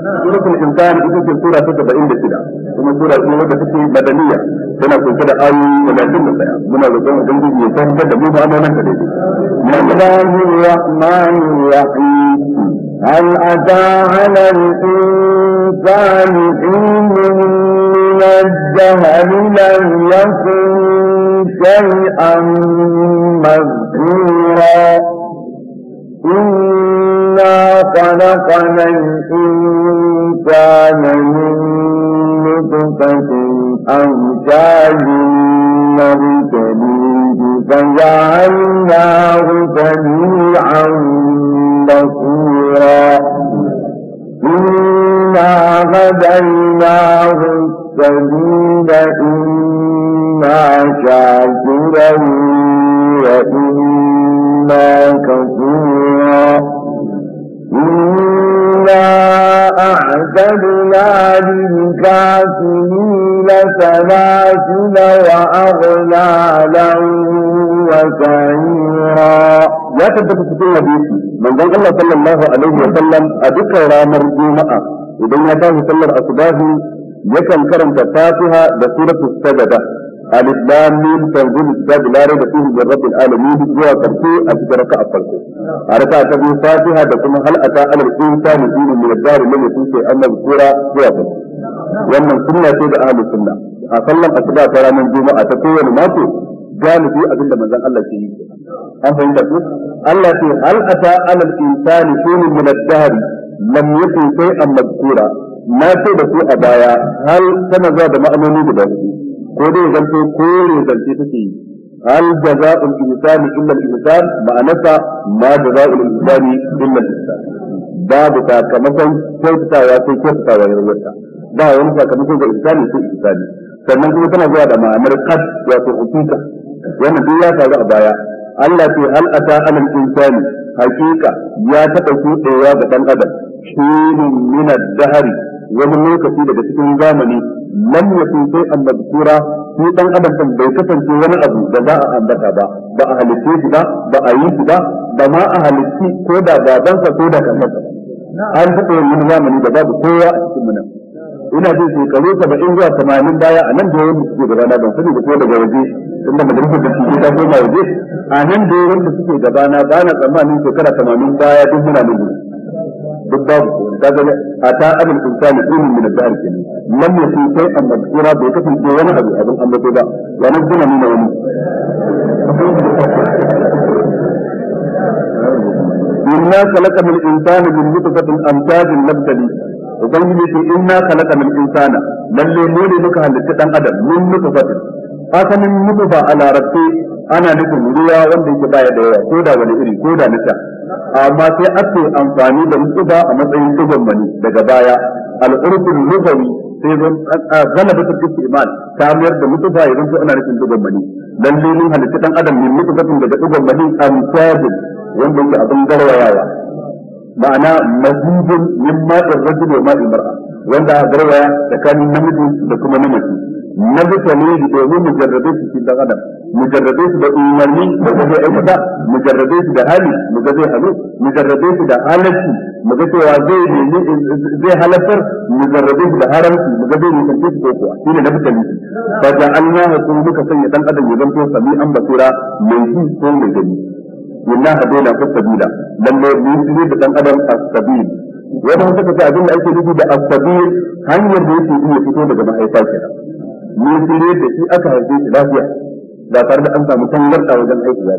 suratul insan ita ce sura ta shida kuma sura ce wadda take madaniya tana kunshe da ayoyi talatin da daya muna roƙon ubangiji ya tabbatar da mu ba mu nan kadai Allahur Rahmanur Rahim هل أتى على الإنسان حين من الدهر لم يكن شيئا مذكورا خلقنا الإنسان من نطفة أمشاج نبتليه فجعلناه سميعا بصيرا إنا هديناه السبيل إما شاكرا وإما كفورا وأعتدنا للكافرين سلاسل وأغلالا وسعيرا ya tabbata cikin hadisi manzon Allah sallallahu alaihi wa sallam a dukkan ranar juma'a idan ya tashi sallar asubahi yakan karanta fatiha da suratul sajdah alif lam mim tanzil kitab la rayba fihi min rabbil alamin zuwa karshe a cikin raka'a farko a raka'a ta biyu fatiha da kuma hal ata al insani dinu min ad-dar lam yakun sai an zuwa karshe wannan sunna ce da ahlus sunna a sallan asuba ta ranar juma'a ta kowane mako galibi abinda manzon Allah ke yi an fahimta ku Allah ce hal ata al insani dinu min ad-dar lam yakun sai an mazkura na ce da ku a baya hal tana zuwa da ma'anoni guda biyu ko dai zanto kore zance take yi hal jaza'ul insani illa al-insan ma'anasa ma jaza'ul insani illa al-insan babu sakamakon kyautatawa sai kyautatawa ya rubuta ba wani sakamakon ga insani sai insani sannan kuma tana zuwa da ma'amar qad wato hakika wannan duk ya faru a baya Allah ce hal ata alal insani hakika ya taɓa kuɗewa ga ɗan adam shi min ad-dahr wani lokaci daga cikin zamani lam yakun sai an madkura shi dan adam kan bai kasance wani abu da za a ambata ba ba a halitta shi ba ba a yi shi ba ba ma a halitta ko da gabansa ko da kansa an taɓa yin wani zamani da babu kowa a cikin mu ina jin shekaru saba'in zuwa tamanin baya a nan da yawan suke gabana ban sani da ko daga waje Inda da majalisar da suke ta koma waje a nan da suke gabana ba na tsammanin shekara tamanin baya duk muna nan duk babu ko da ga ata abin insan ilmin min al-dahr kin lam yakun shay'an madkura bai kasance wani abu abin ambato ba wa nazzala min wani inna khalaqa min insani min nutfatin amtajin nabtali ubangiji ce inna khalaqa min insana lalle mu ne muka halitta dan adam min nutfatin asalin nutfa a larabce ana nufin ruwa wanda yake baya da yawa ko da wani iri ko da nita amma sai ake amfani da mutuba a matsayin sugan mani daga baya al'urfin lugawi sai zan zana ta cikin iman ta mayar da mutuba idan zanto ana nufin sugan mani dan lilin halitta dan adam min mutubatin daga sugan mani tsaye wanda yake abin garwayawa ma'ana mazidin min ma'ir rajul wa ma'ir mar'a wanda a garwaya tsakanin namiji da kuma namiji na bisa ne domin mu jarrabe cikin dan adam mujarrabe su da umarni da zai aikata mujarrabe su da hali mu ga zai halu mujarrabe su da halarci mu ga cewa zai zai halartar mujarrabe su da haramci mu ga zai nisance su ko kuwa shine na fitali fa ja'alna hu muka sanya dan adam ya zanto an basira mai ji ko mai gani wallahi hadaina fasabila lalle mu da dan adam fasabil wanda mun saka abin da ake nufi da asabil hanyar da yake iya fito daga mahaifa kenan mun da shi aka haife shi lafiya ba tare da an samu tangarda wajen aiki ba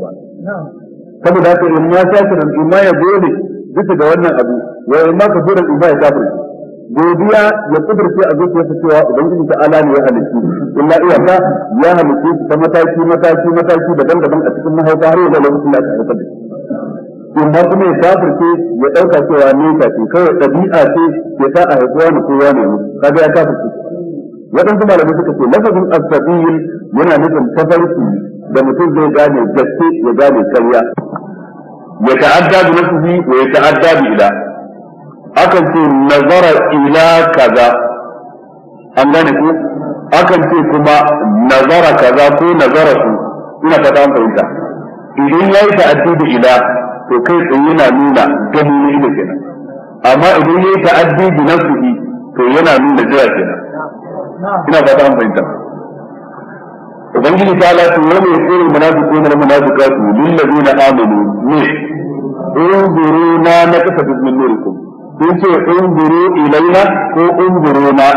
saboda haka in ya kafiran da ma ya gode bisa ga wannan abu ya yi ma kafiran in ya kafir godiya ya kudurce a ta cewa ubangiji ta ala ne ya halittu illa ta ya halittu ta mataki mataki mataki daban-daban a cikin mahaifa har yanzu lokacin da aka haifar da in ma kuma ya kafirce ya ɗauka cewa ne kafin kawai ɗabi'a ce ya sa a haifuwa na kowa ne mu. kaga ya kafirce waɗansu malamai suka ce lafazin asabil yana nufin tafarki da mutum zai gane gaske ya gane karya ya ta'adda bi nafsihi wa ya ta'adda bi ila akan ce nazara ila kaza an gane ku akan ce kuma nazara kaza ko nazara su ina ta. an fahimta idan ya yi ta'addi da ila to kai tsaye yana nuna gani ne kenan amma idan ya yi ta'addi bi nafsihi to yana nuna jira kenan ina fata ta fahimta ubangiji ta ala to yau mai mana munafiquna da kasu lil na amalu ne unzuruna na na kasa min nurikum sun ce unzuru ilaina ko na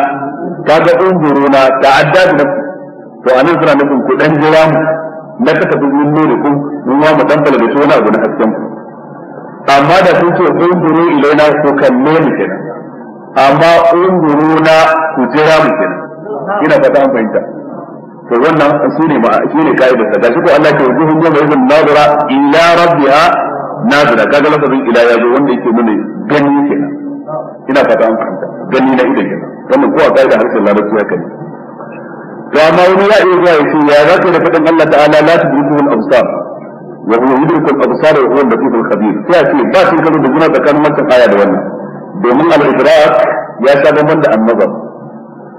kaga unzuruna ta'adda da nafsi to anan suna nufin ku dan jira mu na kasafin min nurikum mun ma mu dan balaga da wani abu na hasken ku amma da sun ce unzuru ilaina ko kalle mu kenan amma na ku jira mu kenan ina fata an fahimta to wannan su ne ma shi ne kaidar da gashi ko Allah ke wujuhun yawma idhin nadira ila rabbiha nadira kaga lafazin ila ya zo wanda yake nuna gani kenan ina fata an fahimta gani na idan kenan wannan ko a kaidar harshen larabci haka ne to amma wani ya iya zuwa ya ce ya zaka da fadin Allah ta'ala la tudrikuhu al-absar wa huwa yudriku al-absar wa huwa al-latif al-khabir sai a ce ba shi karo da juna tsakanin wannan aya da wannan domin al-idrak ya sha bamban da annazar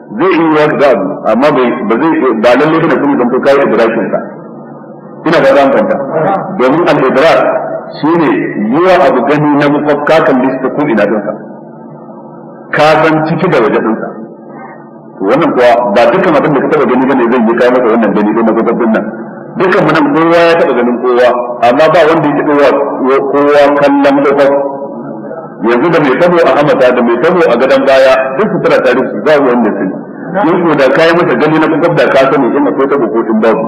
zai yi wa ga amma ba zai ba lalle kana kuma zanto kai rashin ka ina ga zan kanta domin al-idrak shine yiwa abu gani na mukafka kan lista ko ina dinka ka san ciki da waje dinka wannan kuwa ba dukkan abin da ka taba gani bane zai yi kai maka wannan gani ko na gaban nan dukkan mu kowa ya taba ganin kowa amma ba wanda yake kowa kowa kallon kofa yanzu da mai tabo a hamata da mai tabo a gadon baya duk su tara tare su babu wanda su ne su da kai mata gani na kuka da ka sani in akwai tabo ko in babu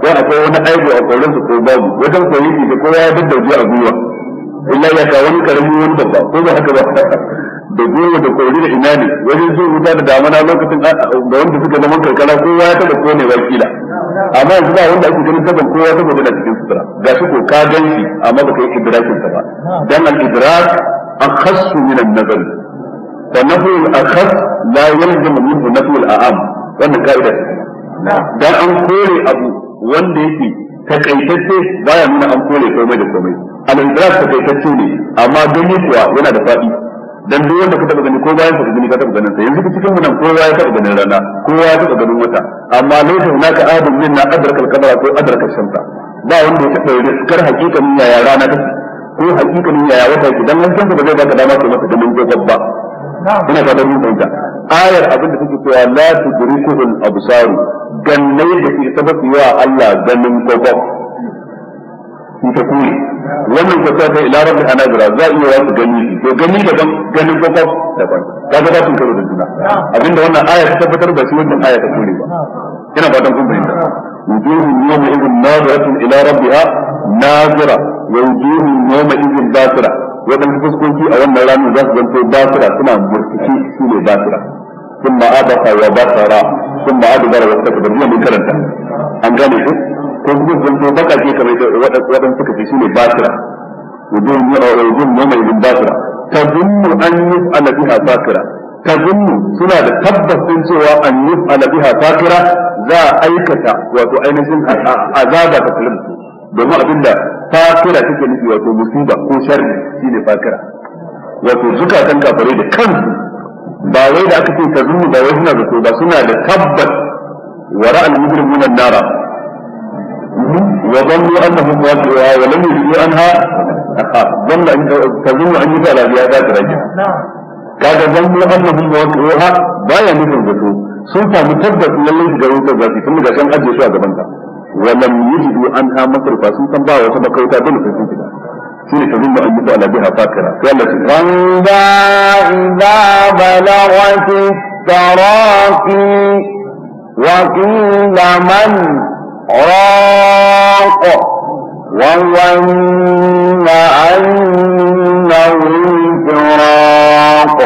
ko akwai wani aibu a koren su ko babu wajen koyi da kowa ya daddauje a gwiwa illa ya ka wani karami wani babba ko ba haka ba da gwiwa da kori da imani wajen zuwa wuta da damana lokacin da wanda suka zaman karkara kowa ya taba ko ne wakila amma yanzu ba wanda ake ganin taban kowa saboda na cikin sutura ga shi ko ka gan shi amma ka yi idrakin ba dan al idrak أخص من النظر فنفي الأخص لا يلزم منه نفي الأعام wannan ka'ida da an kore abu wanda yake takaitacce baya nuna an kore komai da komai al kai tace ne amma gani kuwa yana da faɗi dan duk wanda ka taba gani ko bayan ka gani ka taba ganin sa yanzu cikin mu ko kowa ya taba ganin rana ko kowa ya taba ganin wata amma laysa hunaka adun minna adraka al-qamara ko adraka ash-shamsa ba wanda ya taba riskar hakikanin yaya rana take ko hakikanin yaya wata yake dan wancan ba zai baka dama kai masa ganin gogon ba ina ga dan mun ta ayar abin da take cewa la tudrikul absar gannai da ke sabbi wa Allah ganin gogon ta kuma wannan ko ta ila rabbi anazira za iya wasu gani to gani daban ganin gogon daban kaga ba sun karo da juna abinda wannan ayar ta tabbatar ba shi wannan ayar ta kore ba ina fatan kun fahimta wujuhun yawma idhin naziratun ila rabbiha nazira wajuhu yawma idin basira wadanda fuskoki a wannan ranar za su suna burkuki su ne basira sun ma adaka wa basara sun ma adubara wa saka da wadanda suna da cewa an za a aikata wato ainihin azaba ta filimtu domin abinda fakira take nufi wato musiba ko sharri shine fakira wato suka zukatan kafare da kansu ba wai da aka ce ka zunnu ba wai suna zato ba suna da tabbas wara al-mujrimun an-nara wa dhannu annahum waqi'uha wa lam yujidu anha dhanna an tazunnu an yusala biha zakiraja kaga dhannu annahum waqi'uha baya nufin zato sun samu tabbas lallai su garin ta zaki tun ga kan ajiye su a gaban ka. ولم يجدوا عنها مصرفا سوء تنباع وسبق وتابل في الفتنة سنة ثم أن يفعل بها فاكرة قال لك إذا بلغت التراقي وقيل من راق وظن أنه الفراق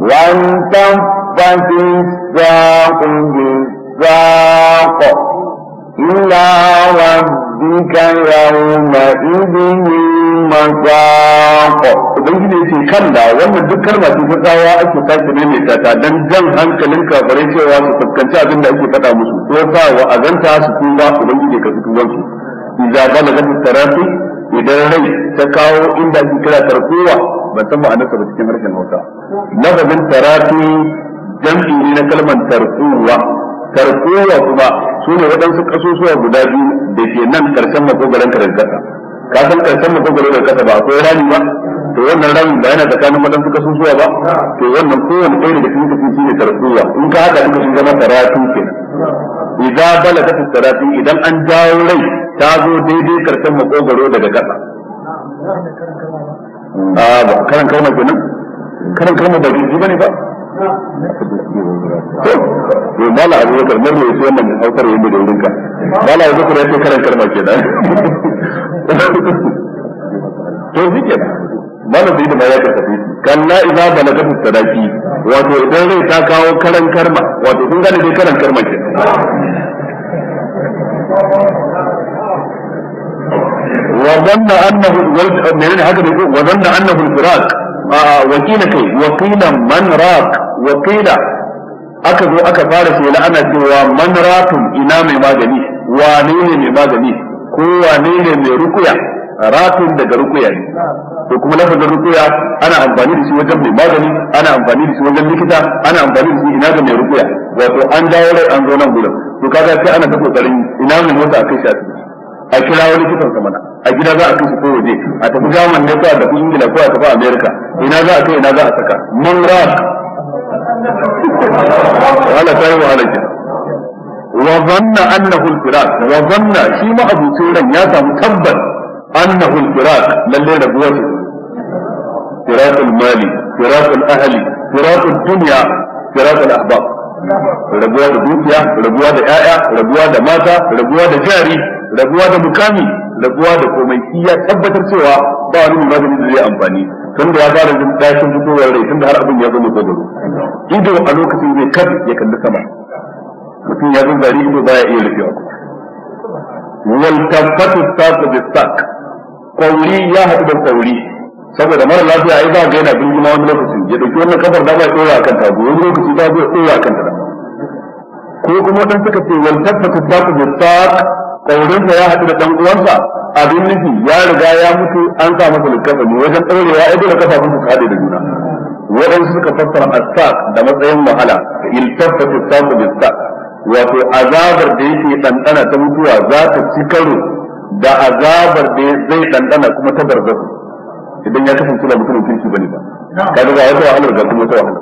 وانتفت الساق بالساق إلى ربك يومئذ المساق ubangiji ya ce kan da wannan duk kalma ce ta tsawa ake sake maimaita ta dan jan hankalin kafirai cewa su fuskanci abin da ake faɗa musu ko sa wa azanta su tuba ubangiji ka su tuban su idza balagat tarafi idan rai ta kawo inda ake kira tarkuwa ban san ma'anarsa ba cikin harshen Hausa Na lafazin tarafi jam'i ne na kalmar tarkuwa tarkuwa kuma su ne waɗansu ƙasusuwa guda biyu da ke nan ƙarshen makogaron karin ƙasa ka san ƙarshen makogaron karin ƙasa ba akwai rami ba to wannan rami ba yana tsakanin waɗansu ƙasusuwa ba to wannan kowane ɗaya daga cikin kasu shi ne tarsuwa in ka haka duka sun zama karatu ke idza bala ta sarati idan an jawo rai ta zo daidai ƙarshen makogaro daga ƙasa ah, a karan kalma kenan karan kalma ba ji bane ba to mala abu bakar ne da wurinka mala abu bakar yake karan karma kenan to mala da wato idan rai ta kawo karan karma wato kun gane dai karan karma kenan wakila kai wakila man Rak. wakila aka zo aka fara sai ana cewa man ratun ina mai magani wane ne mai magani ko wane ne mai rukuya ratun daga rukuya ne to kuma lafazin rukuya ana amfani da shi wajen mai magani ana amfani da shi wajen likita ana amfani da shi ina ga mai rukuya wato an dawo rai an zo nan gudan to kaga sai ana ta kokarin ina mai mota akai shi a kira wani kitan sa mana a gida za a kai ko waje a tafi jaman ne ko a tafi ingila ko a tafi amerika ina za a kai ina za a saka man rak wala tayi wa alaji wa zanna annahu al-firaq wa zanna shi ma abu ran ya samu tabbas annahu al-firaq lalle da buwa firaq al-mali firaq al-ahli firaq ad-dunya firaq al-ahbab rabuwa da dukiya rabuwa da 'ya'ya rabuwa da mata rabuwa da jari rabuwa da mukami rabuwa da komai shi ya tabbatar cewa ba wani magani da zai amfani tun da ya fara jin dashin fitowar rai tun da har abin ya zama kogoro ido a lokacin zai kar ya kalli sama mutum ya zanzari ido baya iya rufewa wal tabbatu saqu bis saq kauri ya haɗu da kauri saboda mara lafiya ai ba ga yana bingima wani lokaci ya dauki wannan kafar da ba ya dora kanta ko wani lokaci ba zai dora kanta ko kuma dan suka ce wal tabbatu saqu bis saq tsaurinsa ya haɗu da ɗan uwansa abin nufi ya riga ya mutu an sa masa littafa ne wajen ɗaurewa ya dole kafafun su haɗe da juna waɗansu suka fassara asaq da matsayin wahala iltaffatu samu bisaq wato azabar da yake ɗanɗana ta mutuwa za ta ci karo da azabar da zai ɗanɗana kuma ta barzahu idan ya kasance da mutumin kirki bane ba kaga ga ta wahalar ga kuma ta wahala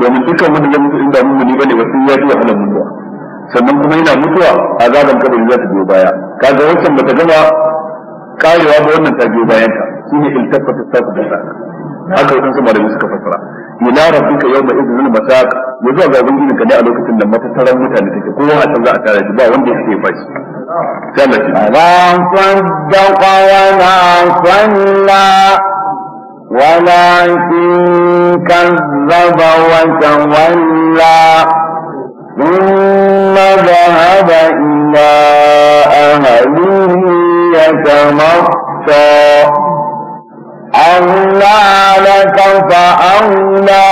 domin dukkan mutum ya mutu inda mun ne bane wasu ya ji wahalar mutuwa sannan kuma yana mutuwa a azaban kabari za ta biyo baya kaga wancan bata gama karewa ba wannan ta biyo bayan ka. ta shine ta saku da saka haka sama da malami suka fassara ila rabbika yawma idhin masaq yazo ga ubangiji ka da a lokacin da matattaran mutane take kowa a can za a tare shi ba wanda yake bashi فلا صدق ولا صلى ولكن كذب وتولى ثم ذهب إلى أهله يتمطى أولى لك فأولى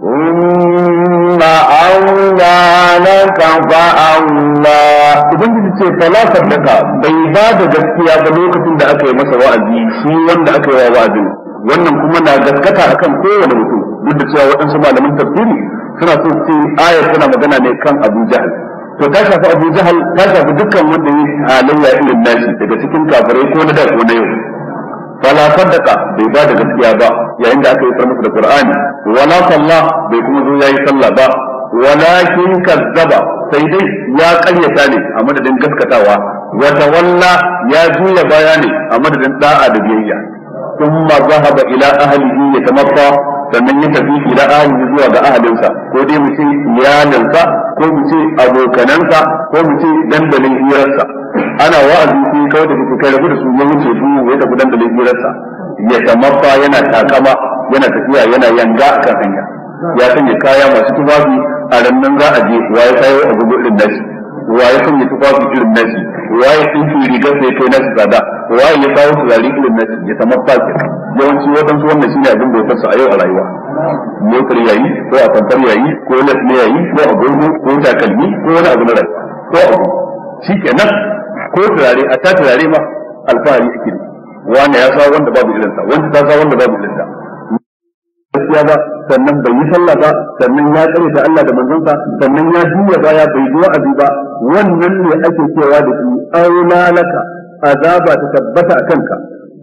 ثم أولى لك فأولى Ubangiji ce talafar daga bai ba da gaskiya ba lokacin da aka yi masa wa'azi shi wanda aka yi wa wa'azin wannan kuma na gaskata akan kowane mutum duk da cewa waɗansu malaman tafsiri suna so su ayar suna magana ne kan Abu Jahal to ta shafi Abu Jahal ta shafi dukkan wanda ya halayya ilin nashi daga cikin kafirai ko na da ko na yau wala sadaka bai ba da gaskiya ba yayin da aka yi masa da Qur'ani wala sallah bai kuma zo yi sallah ba walakin kazzaba sai dai ya karyata ne a madadin gaskatawa wa tawalla ya juya baya ne a madadin da'a da biyayya ثم zahaba ila ahlihi yatamatta sannan ya tafi da ahali zuwa ga ahalinsa ko dai mu ce iyalinsa ko mu ce abokanansa ko mu ce dandalin hirarsa ana wa'azi sai kawai da kai rabu da su ya wuce su ya tafi dandalin hirarsa ya tamaffa yana takama yana tafiya yana yanga a kan hanya ya sanya kaya masu tufafi a rannan za a je wa ya kayo gugu irin nashi wa ya sanya tufafi irin nashi wa ya tsinci rigar sai kai nashi tsada to waye ya kawo turare ilimin nasi ya samu fake yawanci waɗansu wannan ne abin bautar su a yau a rayuwa motar yayi ko a kwantar yayi ko nas ne yayi ko a gurgu ko kalmi ko wani abu na rayuwa ko abu shikenan ko turare a ta turare ma alfahari ake ne wani ya sa wanda babu irinsa wanda ta sa wanda babu irinsa gaskiya ba sannan bai yi sallah ba sannan ya tsare ta Allah da manzonsa sannan ya juya baya bai yi wa'azi ba wannan ne ake cewa da shi laka azaba ta tabbata a kanka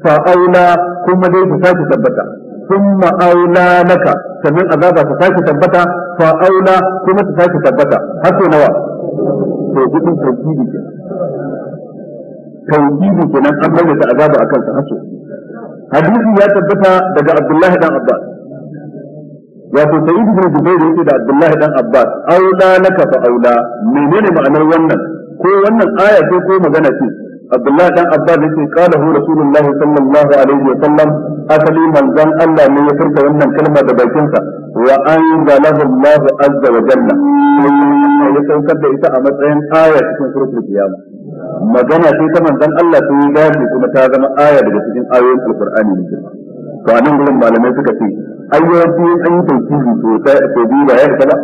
fa aula kuma dai ta sake tabbata thumma aula naka sannan azaba ta sake tabbata fa aula kuma ta sake tabbata har nawa to gudun tauhidi ke tauhidi kenan an bayyana azaba akan sa hadisi ya tabbata daga Abdullahi dan Abbas wato sa'id ibn jubair yake da abdullahi dan abbas aula naka fa aula menene ma'anar wannan ko wannan aya ce ko magana Abdullah dan Abbas yace qala hu Rasulullah sallallahu alaihi wa sallam asali manzon Allah ne ya wannan kalma da bakinsa wa anzalahu Allah azza wa jalla ya saukar da ita a matsayin aya cikin suratul qiyama magana sai ta manzon Allah sun yi dace kuma ta zama aya daga cikin ayoyin alqur'ani ne to anan gurin malamai suka ce ayyaci an yi tauhidi to ta to bi ba ya ba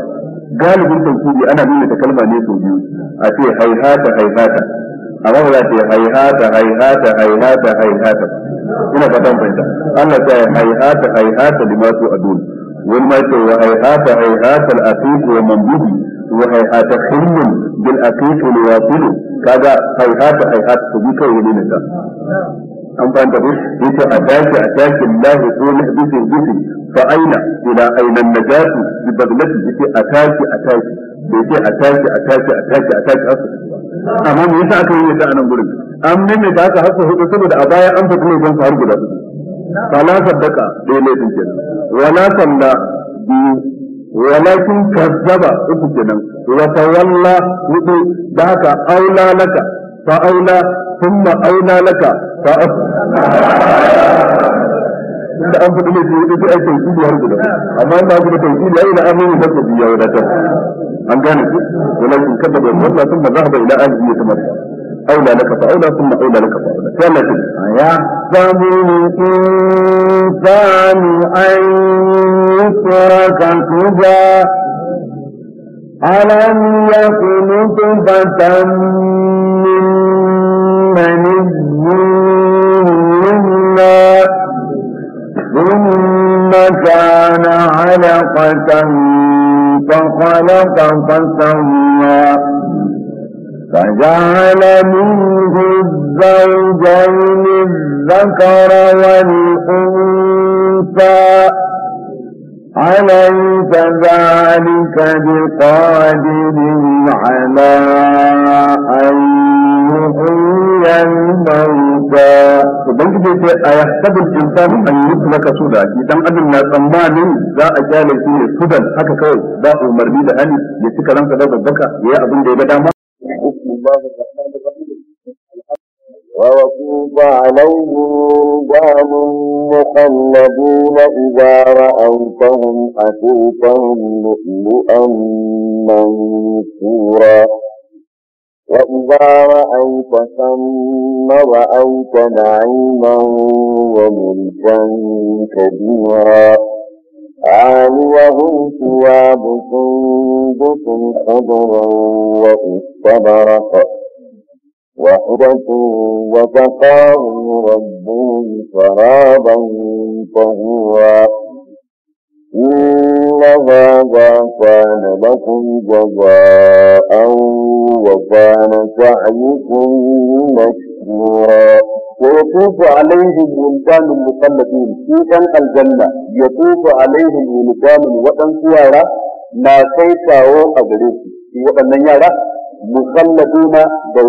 galibin tauhidi ana nuna ta kalma ne to biyu a ce haihata haihata amma ba za ta yi haihata haihata haihata haihata ina fatan fahimta Allah ta yi haihata haihata limatu adun wani ma ce wa haihata haihata al-aqiq wa man bihi wa haihata khilmun bil aqiq wa yaqilu kaga haihata haihata to bi kai ne ta an fahimta ko yace ataki ataki Allah ko nahbisin bihi fa aina ila aina najatu bi baglati yace ataki ataki bai ce a tashi a tashi a tashi a tashi har amma me yasa aka yi ta anan gurin an mene da aka hasa hudu saboda a baya an fadi laifin har guda hudu fala saddaka dai laifin kenan wala salla biyu walakin kazzaba uku kenan wa tawalla hudu da haka aula laka fa aula thumma aula laka fa inda an faɗi laifi wani sai aikin kudi har guda amma inda an faɗi tauki ya yi na amini na kudi ya wadatar an gane su walakin kada bai mutla sun ba za ba ila ahli ya tamar أولى لك فأولى ثم أولى ya فأولى كما أيحسب الإنسان أن يترك سدى ألم يكن نطفة علقة فخلق فسوى فجعل منه الزوجين الذكر والأنثى أليس ذلك بقادر على أن يحيي الموتى ubangiji sai a ya sabin insanu an yi maka su da shi dan na tsammanin za a kyale shi ne sudan haka kawai za a umarni da ali ya cika ranka da babbaka ya yi abin da ya ga dama ووقوف عليهم رجال مخلدون إذا رأوتهم حسوبهم لؤلؤا منثورا وإذا رأيت ثم رأيت نعيما وملكا كبيرا عاليهم ثواب سندس خضر واستبرق وحدة وسقاهم ربهم شرابا طهورا إن هذا كان لكم جزاء وكان سعيكم مشكورا ويطوف عليهم ولدان مخلدون في الجنة يطوف عليهم ولدان وطن سوارا na kai kawo a gare su shi waɗannan yara musalladuna da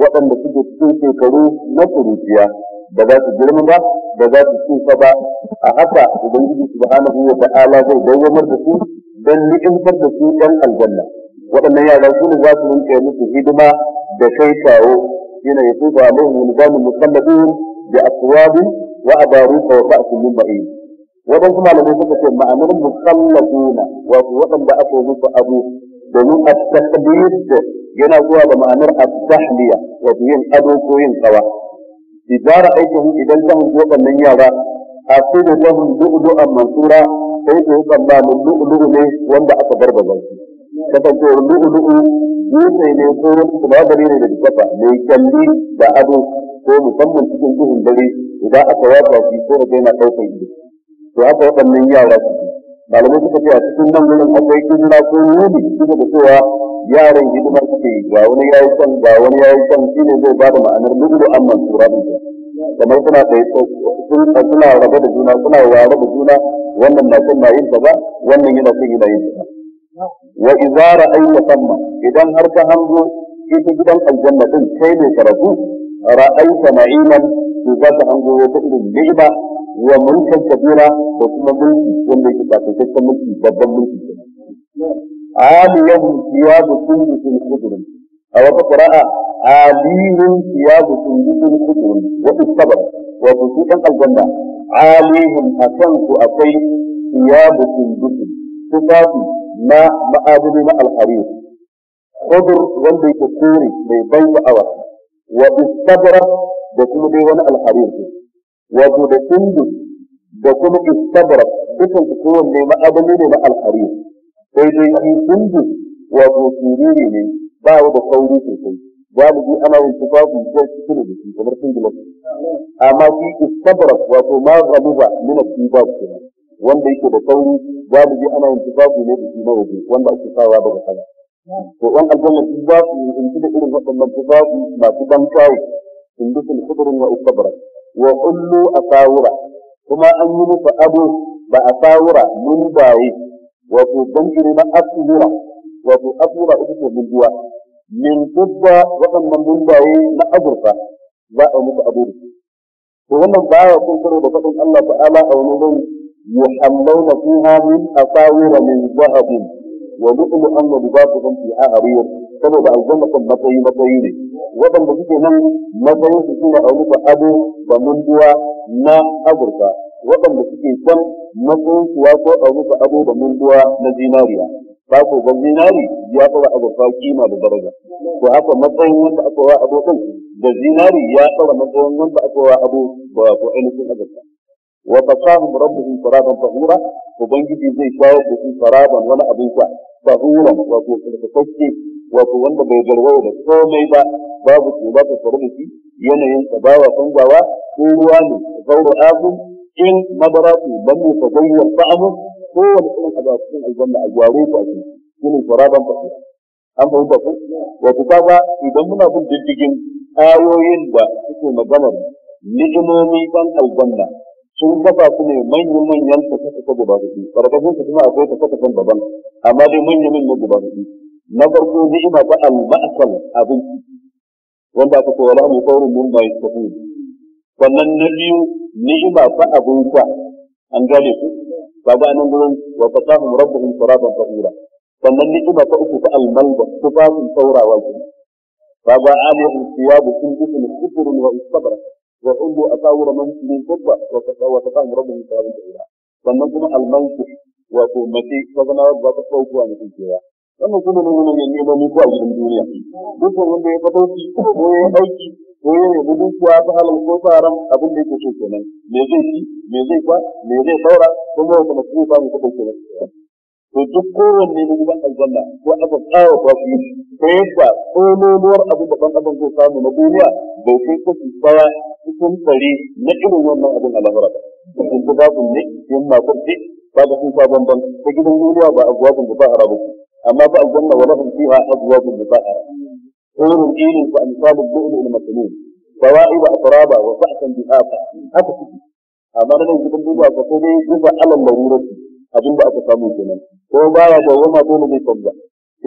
waɗanda suke cikin shekaru na kuruciya ba za su girma ba ba za su tsufa ba a haka ubangiji subhanahu wa ta'ala zai dawamar da su don ni'imtar da su ɗan aljanna waɗannan yara su ne za su rinka musu hidima da kai kawo shine ya tsufa alaihim nizamun musalladun bi aswabi wa abaruka wa ba'sun min ba'id wadan malamai suka ce ma'anar musalladuna wato waɗanda aka yi musu abu domin at-takbir yana zuwa da ma'anar at-tahliya wato yin ado ko yin kawa idan ra'aytuhum idan ta hunzo wannan yara asidu lahum du'du'an mansura sai ku kalla mun du'du'u ne wanda aka barbaza shi kasancewar du'du'u dutse ne ko wani ne da kafa mai kyalli da ado ko musamman cikin duhun dare idan aka watsa shi ko da yana ɗaukar ido to haka waɗannan yara su malamai suka ce a cikin nan wurin akwai izina ko yudi suka da cewa yaran hidimar ke ga ba wani yayi can ga wani yayi can shi ne zai da ma'anar lugu an mansura din kamar suna sun suna rabe da juna suna ware da juna wannan na son na yin ba wannan yana son yana yin kaza wa idza ra'aita tamma idan har ka hango ita gidan aljanna din kai ne karatu ra'aita na'iman to za ka hango wata irin ni'ima wa mulkan kabira da kuma mulki wanda yake ba ta mulki babban mulki عاليهم ثياب سندس خضر أو تقرأ عاليهم ثياب سندس خضر وفي الصبر وفي الجنة عاليهم أكنت أكي ثياب سندس tufafi na ma'adini na alharir hudur wanda yake kure mai bai sha'awa wa istabra da kuma dai wani alharir wato da sindus da kuma istabra dukan su kowanne ne na alharir sai dai shi kundu wato turiri ne ba wa da sauri sosai galibi ana yin tufafin ko cikin da shi kamar su, amma shi istabrak wato ma galuba min tufaf kenan wanda yake da sauri galibi ana yin tufafi ne da shi na waje wanda ake sawa daga sama to an aljanna tufafi in ci da irin waɗannan tufafi masu ban kawo in dukkan kudurin wa istabrak wa kullu asawura kuma an yi musu ado ba sawura mun baye wato dangane na asura wato asura ita suke gunguwa min kubba waɗannan bundaye na azurfa za a musu abu da to wannan baya kun karo da faɗin Allah ta'ala a wani rai yuhallawna fiha min asawira min dhahabin wa lu'lu'an wa libabuhum fiha harir saboda aljanna kan matsayi matsayi ne waɗanda suke nan matsayin su suna a musu abu da munduwa na azurfa waɗanda suke son matsosuwa ko a rufe abubuwan munduwa na zinariya ba ko ban zinari ya tsara abubuwa kima da daraja ko haka matsayin wanda aka wa abokan da zinari ya tsara matsayin wanda aka wa abu ba ko ainihin azabta wa fasahum rabbuhum saraban tahura ubangiji zai shawo da su saraban wani abin sa tahura wato tsarkakakke wato wanda bai garwaya da komai ba babu ko ba ta tsare shi yanayin tsabawa kangawa ko ruwa ne zauro abu in mabaratu ban mu yi wa fa'amu ko wani irin a cikin aljanna da gware ku a cikin fara ban fasu an fahimta ku wato kaga idan muna bin diddigin ayoyin da suke maganar ni'imomi ban da sun kafa su ne manyan manyan ta kasa ta guda hudu karkashin su kuma akwai ta kasa kan daban amma dai manyan manyan guda hudu na farko ni'ima ta al-ma'sal abinci wanda aka ce wala mu qawlun mimma yastaqim wannan na biyu ba fa abun kwa an gane ku ba ga nan gurin wa fasahum rabbuhum turaban tahura ni ba fa uku fa almalba tufafin saurawa ku ba ga amuhum siyabu kun bisul khudrun wa istabara wa ummu asawra man min kubba wa fasahum rabbuhum turaban tahura wannan kuma ku mati mace ta ba ta uku kuwa kun kewa wannan kuma ne ne ne ne ko a gidan duniya dukkan wanda ya fito shi ko ya aiki ko ne gudun kuwa ta halal ko ta haram abin da yake so kenan me zai ci me zai kwa me zai saura kuma wata masu ba mu kuɗin kenan to duk kowanne na gidan aljanna ko aka tsawa ba kuma ko yadda yadda tsololuwar abu da ban abin zai samu na duniya bai kai kashi tsaya cikin tsari na irin wannan abin a lahira ba cikin ta babu ne yin makwabci ba da sun sabon ban ta gidan duniya ba abuwa ba a rabu amma ba a aljanna wa lahum fiha abuwa ba a rabu طور الإيل وأمثال البؤل المسلول بوائب أترابا وفحسا بهاتا haka ciki amma na nan cikin duba ka sai dai duba alal larurati abin da aka samu kenan ko baya ya da wama dole bai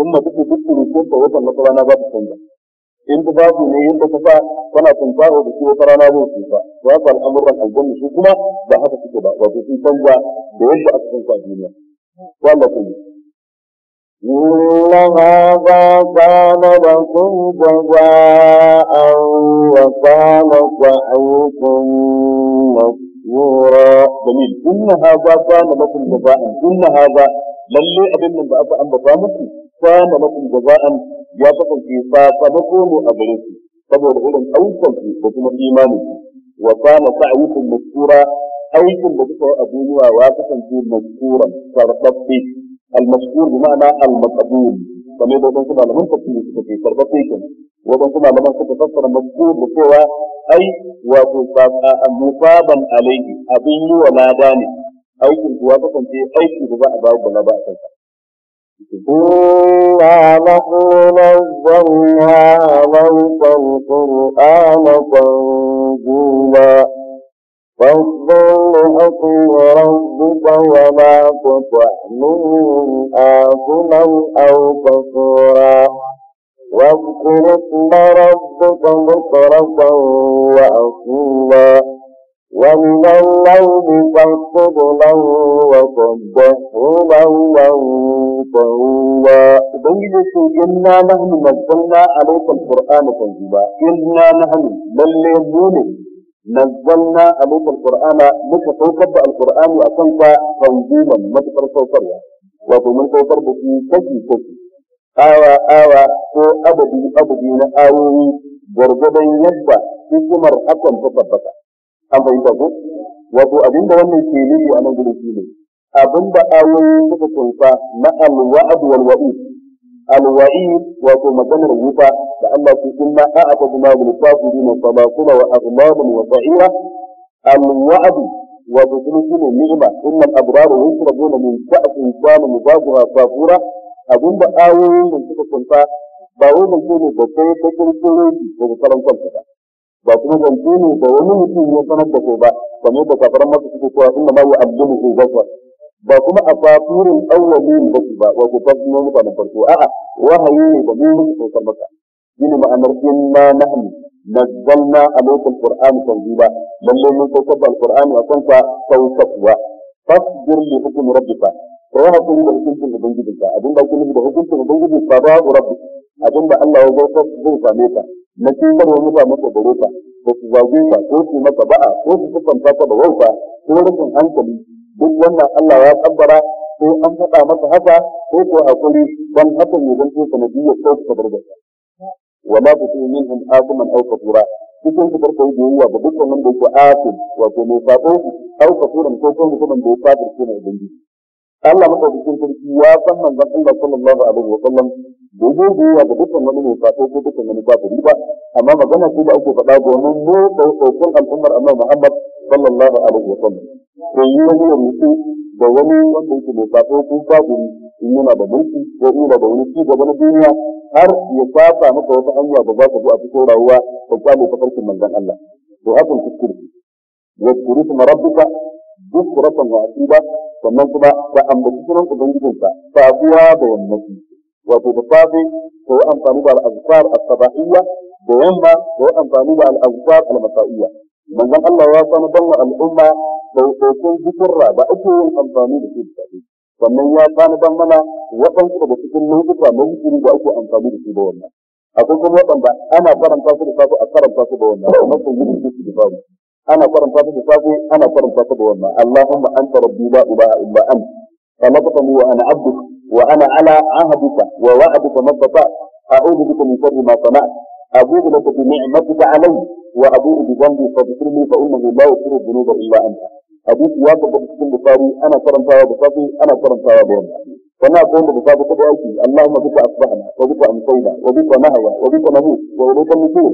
in ma kuke duk rukun ta wata na rana ba ta canza in ta babu ne yadda ta fa kana tunfaro da shi wata rana zai tufa wa fa al'amuran kuma ba haka suke ba wato sun canza da yadda aka canza a duniya wallahi إن هذا كان لكم جزاء وكان سعيكم مشكورا جميل إن هذا كان لكم جزاء إن هذا lalle abin nan da aka ambata muku kana lakum jaza'an ya kasance sakamako ne a gare ku saboda irin ayyukan ku da kuma imani wa kana sa'yukum mashkura aikin da kuka yi a duniya ya kasance mashkuran sarfaffe المشهور بمعنى المقبول kamar da wadansu malaman tafsiri suka ce karɓaɓɓe wajen wadansu malaman suka fassara mafhum da cewa ai wato musaban alaihi abin yi wa lada ne aikin kuwa kasance aiki da za a babu na ba a kansa إنا نحن نزلنا عليك القرآن تنزيلا فاصبر حكم ربك وما تطع منهم آثما أو كفورا واذكر اسم ربك بكرة وأصيلا ومن الليل فاسجد له وسبحه لولا طويلا ubangiji su inna nahnu nazzalna alayka alqur'ana tanzila inna nahnu lalle mu ne nazzalna alayka alqur'ana muka saukar da alqur'ani akan ka tanziman matakar saukarwa wato mun saukar da shi kashi kashi awa awa ko abadi abadi na awowi gwargwadon yadda hukumar hakan ta tabbata an fahimta ko wato abinda wannan ke nufi a nan gudu shi ne abinda awoyi suka kunsa na alwa'ad wal wa'id alwa'id wato maganar wuta da Allah ku inna a'ata bima bil kafirin wa sabaquna wa aghlamun wa sa'ira alwa'd wa tukulun ni'ma inna al-abrar yushrabuna min ka'sin kana mubaghura safura abinda ayoyin da suka kunta ba wai ban ne ba ko ta kirkiro ba mu karanta ba ba kuma ban ne ba wani mutum ya sanar da ko ba kamar da kafaran masa suke cewa inna ma ya'budu basar ba kuma a fafurin awwali ba ku ba wa ku fafurin na farko a'a wahayi ne da mun ko maka yin ma'anar in ma nahnu nazzalna alayka alquran tanziba dan mun ko da alquran a fa saukarwa fasbir li hukm rabbika ma hakuri da hukuncin ubangijinka abin da kuma da hukuncin ubangiji fa ba rabbi abin da Allah ya zauka zai same ka na cikin wani ba maka gare ka ko ku ba ko ku maka ba'a ko ku kufanta ka da wauka ko rashin hankali duk wannan Allah ya kabbara ko an faɗa masa haka ko ko hakuri dan hakan ya zanto sanadiyyar sauka darajarsa wala tuti minhum akuman aw kafura cikin su farko yi biyayya ga dukkan wanda yake akum wato mai faɗo aw kafuran ko kuma mutumin da ya faɗi shi ne ubangiji Allah madaukakin sarki ya san zan Allah sallallahu alaihi wa sallam da ya biyayya ga dukkan wani mai faɗo ko dukkan wani kafiri ba amma magana ce da ake faɗa domin mu ɗaukakin al'ummar Allah Muhammad sallallahu alaihi wa sallam to yi wani ya mutu da wani wanda yake mai safo ko sabiri in yana da mulki ko in yana da wani ci gaba na duniya har ya saba maka wata hanya ba za ka zo a cikin rayuwa ka samu tafarkin manzon Allah to hakan kuskure yadkuru kuma rabbuka bukuratan wa asuba sannan kuma ka ambaci sunan ubangijinka safiya da yammaci wato da safe ko amfani da al-azkar as-sabahiyya da yamma ko amfani da al-azkar al-masa'iyya manzon Allah ya san dan wa al'umma daukakun zikirra da ake yin amfani da su da sannan ya san ban mana waɗansu daga cikin lokuta na zikiri da ake amfani da su da wannan akwai kuma waɗanda ana faranta su da safe a faranta su da wannan amma kun yi su da babu ana faranta su da safe ana faranta su da wannan Allahumma anta rabbi la ilaha illa anta خلقتني وانا عبدك وانا على عهدك ووعدك ما استطعت اعوذ بك من شر ما صنعت ابوء لك بنعمتك علي wa abu ubu bambu fa bukurmu fa ummu ba wa kuru bunu ba uba anta abu kuwa ba bukurmu ba faru ana karantawa ba faru ana karantawa ba wanda kana kon ba ba ko ba ki allahumma bika asbahna wa bika amsayna wa bika nahwa wa bika nahu wa bika nuzul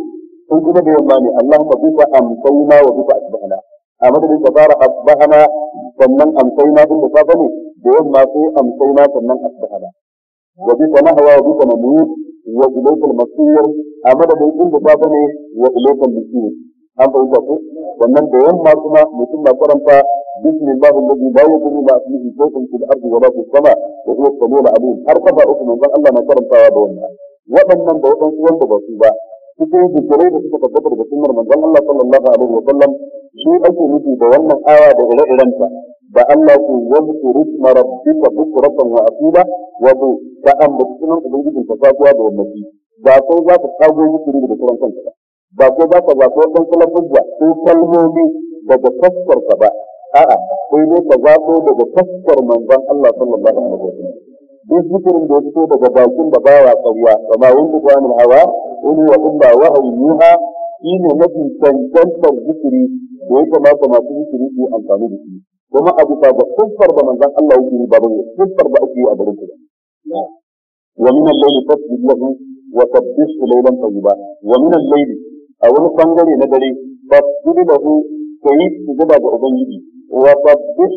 kun kuma da yamma ne allahumma bika amsayna wa bika asbahna amma da bika fara asbahna sannan amsayna kun ba ba ne da yamma sai amsayna sannan asbahna wa bika nahwa wa bika nuzul wa ilaikal masir a madadin inda ba ne wa ilaikal masir an fahimta ku wannan da yamma kuma mutum na karanta بسم الله الذي لا يضر ما اسمه شيء في الارض ولا في السماء وهو السميع العليم har kafa uku zan Allah na karantawa da wannan waɗannan da waɗansu wanda ba su ba cikin jikirai da suka tabbatar da sunnar manzon Allah sallallahu alaihi wa sallam shi ake nufi da wannan aya da ire-irenta da Allah ku wazkuru isma duk bukratan wa asuba wa bu ta ambaci sunan ubangijin ka sabuwa da wammaci ba sai za ka kago zikiri da kuran kanka ba ba ko za ka zaɓi wasan kalabubba ko kalmomi daga taskar ba a'a sai dai ka zaɓo daga taskar manzon Allah sallallahu alaihi wa sallam duk zikirin da ya fito daga bakin da ba wa tsawwa kama wanda kwanin hawa in huwa ba wahayi yuha shi ne mafi cancantar zikiri da ya kamata masu zikiri su amfani da shi kuma abu ba ba kuffar da manzon Allah yake ba ba kuffar da ake yi a garin ku wa min al-layli fasbih lahu wa tabbih laylan tayyiba wa min al-layli a wani bangare na dare fasbih lahu kai su gaba ga ubangiji wa tabbih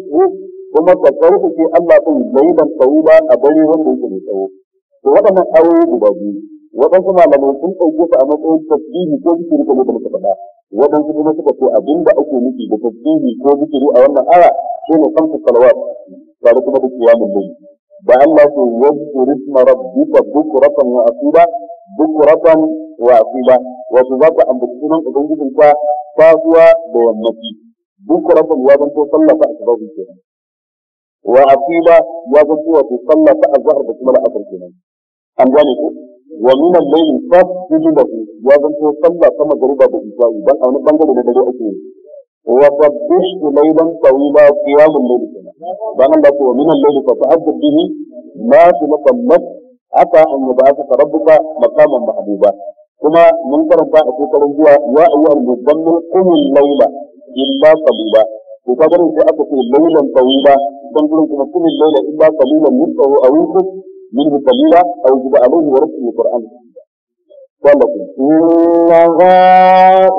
kuma ka ke Allah din laylan tayyiba a dare wanda yake tsawo to waɗannan ayoyi guda biyu waɗansu malamai sun ɗauke su a matsayin tasbihi ko zikiri kamar da muka faɗa waɗansu kuma suka ce abin da ake nufi da tasbihi ko zikiri a wannan aya shi ne kamsu salawat tare kuma da kiyamun dai da Allah ke wasu risma rabbika bukuratan wa asila bukuratan wa asuba, wato za ka ambaci sunan ka fasuwa da yammaci bukuratan ya zanto sallah ta asbabu nan, wa asuba ya zanto wato sallah ta azhar da kuma la'asar kenan an gane ko wa min al-layl fasjudu ya zanto sallah ta magruba da isha ban a wani bangare da dare ake wa sabbihu laylan tawila qiyam al-layl dan da ko min al-layl fata'abbad bihi ma tunaqqat ata an yub'athaka rabbuka maqaman mahbuba kuma mun karanta a kokarin zuwa ya ayyuhal mudammil qum al-layla illa qabuba to ka garin aka laylan layla illa منه قليلا أو جب عليه ورسل القرآن ولكم إن هؤلاء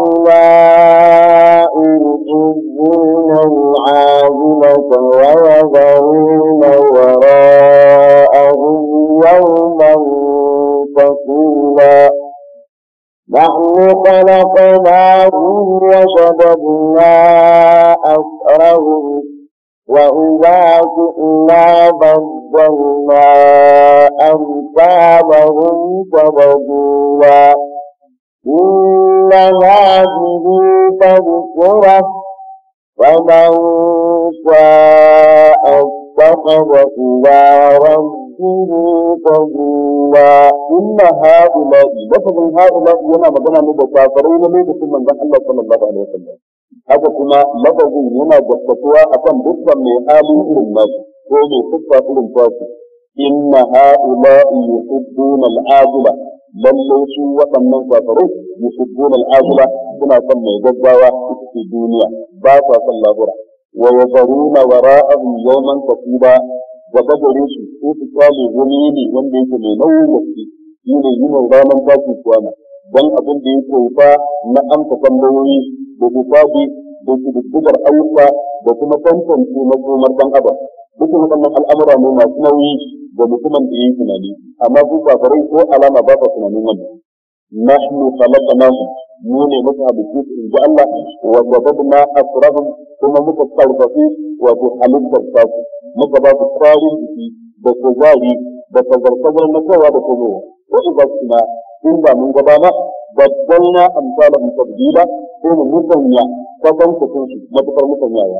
يحبون العاجلة ويذرون وراءهم يوما ثقيلا نحن خلقناهم وشددنا أسرهم وإذا شئنا بدلنا na-eji aụtaahụwaụwa nwaa ụitarụtụra aawụwaapaọwarairụụwana aụụ e na a na a ọị nee ụa atọ mgbe ọ ha bụ wụr mmadụ ko mai siffa irin taku inna ha'ula'i yuhibbuna al'ajila lalle su waɗannan kafirai yuhibbuna al'ajila suna son mai gaggawa ita duniya ba sa son labura wa yazaruna wara'ahum yawman katiba gaba gare su su su kwale wani ne wanda yake mai nauyin gaske shi ne yi mai ranar taku kwana don abin da ya kofa na amsa tambayoyi da hisabi da kididdigar ayyuka da kuma tantance makomar ɗan adam duka waɗannan al'amura ne masu nauyi da mutumin da ya yi tunani amma ku kafirai ko alama ba ka tunanin wannan nahnu khalaqnahum mu ne muka halittu su inji Allah wa jabadna asrahum kuma muka sarfafi wato halittar su muka ba su kwarin jiki da kuzari da kazar-kazar na kowa da komowa wasu ba su na in ba mun gaba ba babbal na amsalahum tabdila ko mu musanya kasan kusur su matukar musanyawa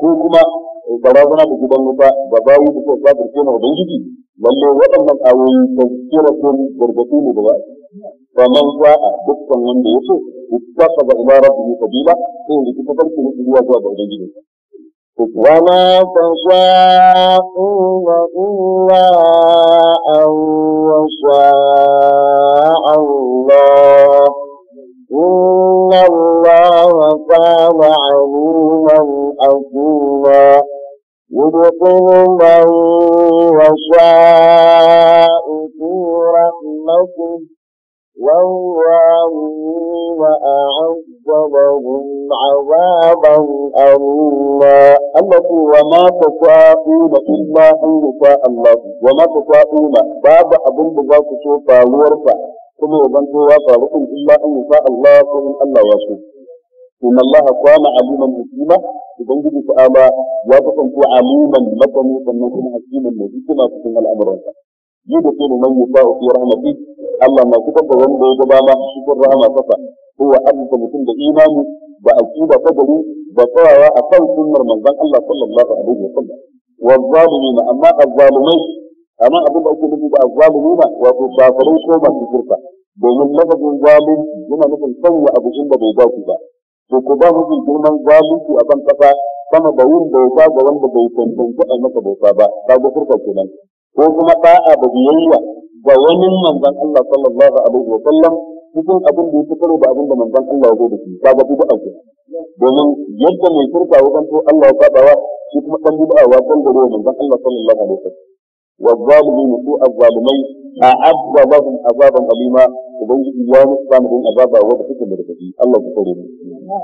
ko kuma barazana da gidan wuta ba yi da kowa da turke na ubangiji lalle waɗannan ayoyi kira ko gargaɗi ne da ba fa man za'a dukkan wanda ya so ittakhadha ila rabbihi ko sai kuka rikita barkin zuwa zuwa ga ubangiji وما تشاءون إلا أن يشاء abin da za ku so faruwarsa kuma ya zanto ya faru kun illa an yasa Allah ko in Allah ya so in Allah kana aliman hukuma ubangiji ta'ala ya kasance aliman masani sannan kuma hakiman mai hikima cikin al'amuransa يدخل من يشاء في رحمته الله ko wa وين mutum da imani رحمة a هو أبدا مثل الإيمان بأكيد قدري بطاوة أقل سنة من الله صلى الله عليه وسلم والظالمين أما الظالمين amma abin da ake nufi ba zalimi ba wato kafirai ko ba su shirka domin lafazin zalunci yana nufin sanya abu da bai dace ba to ku ba mu girman zalunci a ban kasa sama da yin bauta ga wanda bai tantance a maka bauta ba ka ga shirka kenan ko kuma da'a da biyayya ga wani manzon Allah sallallahu alaihi wa sallam cikin abin da ya fi karo da abin da manzon Allah ya zo da shi ka ga bid'a ke domin yadda mai shirka wajen to Allah ya saba wa shi kuma dan bid'a wa kan gare manzon Allah sallallahu alaihi wa sallam والظالمين سوء الظالمين أعب لهم عذابا أليما وبوجد الله سبحانه عذابا وبحكم بركته الله يكرمه